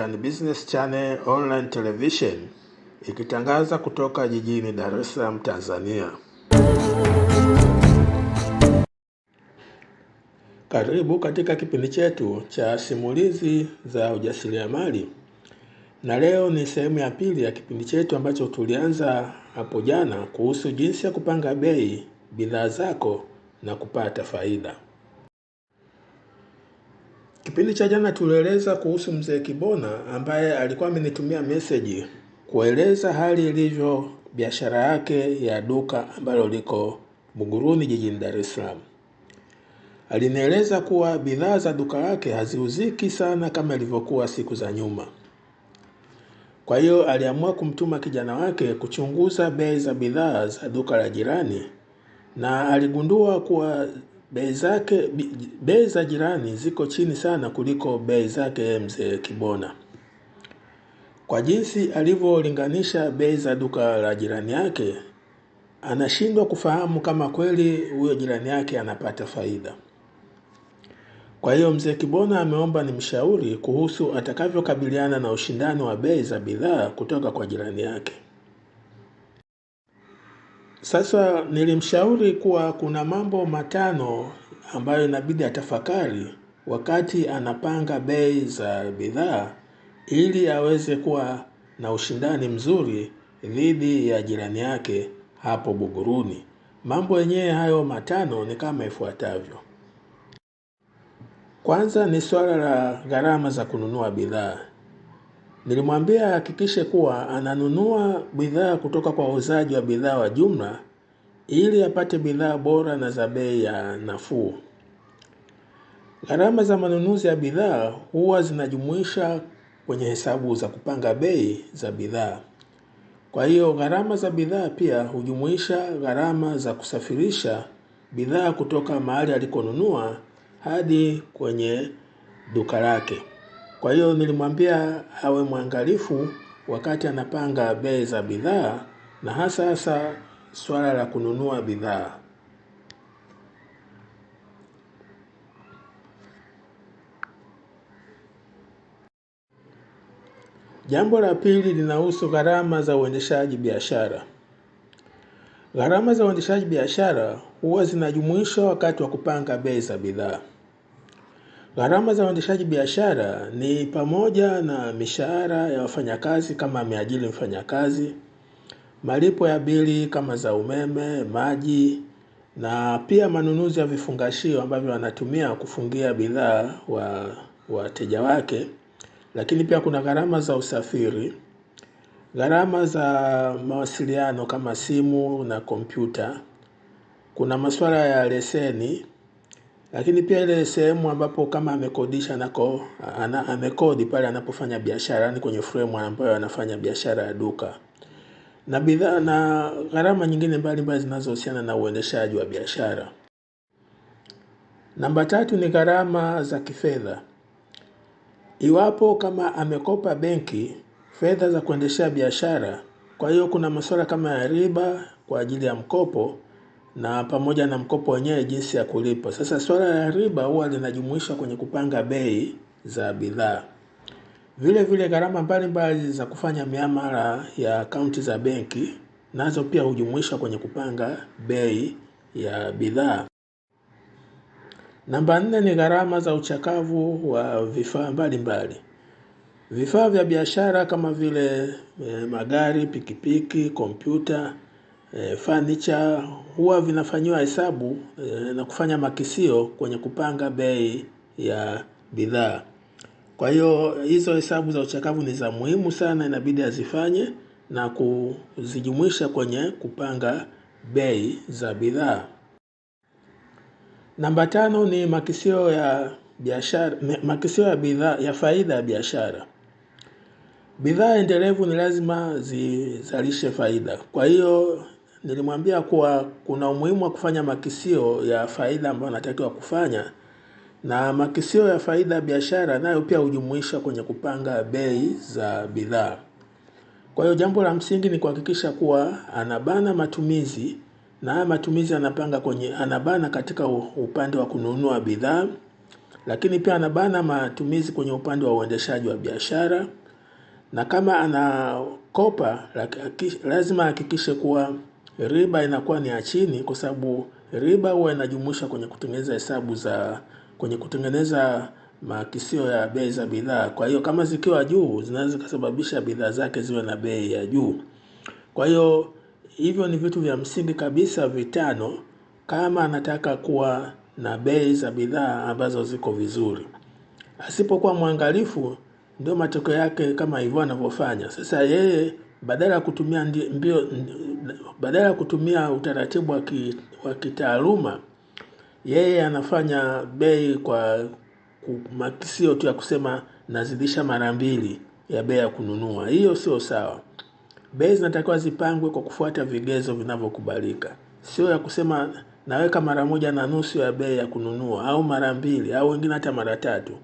African Business Channel Online Television ikitangaza kutoka jijini Dar es Salaam, Tanzania. Karibu katika kipindi chetu cha simulizi za ujasiriamali, na leo ni sehemu ya pili ya kipindi chetu ambacho tulianza hapo jana kuhusu jinsi ya kupanga bei bidhaa zako na kupata faida. Kipindi cha jana tulieleza kuhusu mzee Kibona ambaye alikuwa amenitumia meseji kueleza hali ilivyo biashara yake ya duka ambalo liko Buguruni jijini Dar es Salaam. Alinieleza kuwa bidhaa za duka lake haziuziki sana kama ilivyokuwa siku za nyuma. Kwa hiyo aliamua kumtuma kijana wake kuchunguza bei za bidhaa za duka la jirani na aligundua kuwa Bei zake bei za jirani ziko chini sana kuliko bei zake mzee Kibona. Kwa jinsi alivyolinganisha bei za duka la jirani yake, anashindwa kufahamu kama kweli huyo jirani yake anapata faida. Kwa hiyo mzee Kibona ameomba ni mshauri kuhusu atakavyokabiliana na ushindani wa bei za bidhaa kutoka kwa jirani yake. Sasa nilimshauri kuwa kuna mambo matano ambayo inabidi atafakari wakati anapanga bei za bidhaa ili aweze kuwa na ushindani mzuri dhidi ya jirani yake hapo Buguruni. Mambo yenyewe hayo matano ni kama ifuatavyo. Kwanza ni swala la gharama za kununua bidhaa. Nilimwambia ahakikishe kuwa ananunua bidhaa kutoka kwa wauzaji wa bidhaa wa jumla ili apate bidhaa bora na za bei ya nafuu. Gharama za manunuzi ya bidhaa huwa zinajumuisha kwenye hesabu za kupanga bei za bidhaa. Kwa hiyo gharama za bidhaa pia hujumuisha gharama za kusafirisha bidhaa kutoka mahali alikonunua hadi kwenye duka lake. Kwa hiyo nilimwambia awe mwangalifu wakati anapanga bei za bidhaa na hasa hasa swala la kununua bidhaa. Jambo la pili linahusu gharama za uendeshaji biashara. Gharama za uendeshaji biashara huwa zinajumuishwa wakati wa kupanga bei za bidhaa. Gharama za uendeshaji biashara ni pamoja na mishahara ya wafanyakazi kama ameajiri mfanyakazi, malipo ya bili kama za umeme, maji, na pia manunuzi ya vifungashio ambavyo wanatumia kufungia bidhaa wa wateja wake. Lakini pia kuna gharama za usafiri, gharama za mawasiliano kama simu na kompyuta, kuna masuala ya leseni lakini pia ile sehemu ambapo kama amekodisha anako, ana, amekodi pale anapofanya biashara yani kwenye frame ambayo anafanya biashara ya duka na bidhaa na gharama nyingine mbalimbali zinazohusiana na uendeshaji wa biashara. Namba tatu ni gharama za kifedha. Iwapo kama amekopa benki fedha za kuendeshea biashara, kwa hiyo kuna masuala kama ya riba kwa ajili ya mkopo na pamoja na mkopo wenyewe jinsi ya kulipa. Sasa swala la riba huwa linajumuishwa kwenye kupanga bei za bidhaa. Vile vile gharama mbalimbali za kufanya miamala ya akaunti za benki nazo pia hujumuishwa kwenye kupanga bei ya bidhaa. Namba nne ni gharama za uchakavu wa vifaa mbalimbali. Vifaa vya biashara kama vile eh, magari, pikipiki, kompyuta Eh, e, fanicha huwa vinafanyiwa hesabu e, na kufanya makisio kwenye kupanga bei ya bidhaa. Kwa hiyo hizo hesabu za uchakavu ni za muhimu sana, inabidi azifanye na kuzijumuisha kwenye kupanga bei za bidhaa. Namba tano ni makisio ya biashara, makisio ya bidhaa ya faida ya biashara. Bidhaa endelevu ni lazima zizalishe faida. Kwa hiyo nilimwambia kuwa kuna umuhimu wa kufanya makisio ya faida ambayo anatakiwa kufanya na makisio ya faida ya biashara nayo pia hujumuisha kwenye kupanga bei za bidhaa. Kwa hiyo jambo la msingi ni kuhakikisha kuwa anabana matumizi na haya matumizi anapanga kwenye anabana katika upande wa kununua bidhaa, lakini pia anabana matumizi kwenye upande wa uendeshaji wa biashara na kama anakopa lazima ahakikishe kuwa riba inakuwa ni ya chini kwa sababu riba huwa inajumuisha kwenye kutengeneza hesabu za kwenye kutengeneza makisio ya bei za bidhaa. Kwa hiyo kama zikiwa juu zinaweza zikasababisha bidhaa zake ziwe na bei ya juu. Kwa hiyo hivyo ni vitu vya msingi kabisa vitano kama anataka kuwa na bei za bidhaa ambazo ziko vizuri. Asipokuwa mwangalifu ndio matokeo yake kama hivyo anavyofanya. Sasa yeye badala ya kutumia mbio badala ya kutumia utaratibu wa kitaaluma yeye anafanya bei kwa makisio tu ya kusema nazidisha mara mbili ya bei ya kununua. Hiyo sio sawa. Bei zinatakiwa zipangwe kwa kufuata vigezo vinavyokubalika, sio ya kusema naweka mara moja na nusu ya bei ya kununua au mara mbili au wengine hata mara tatu.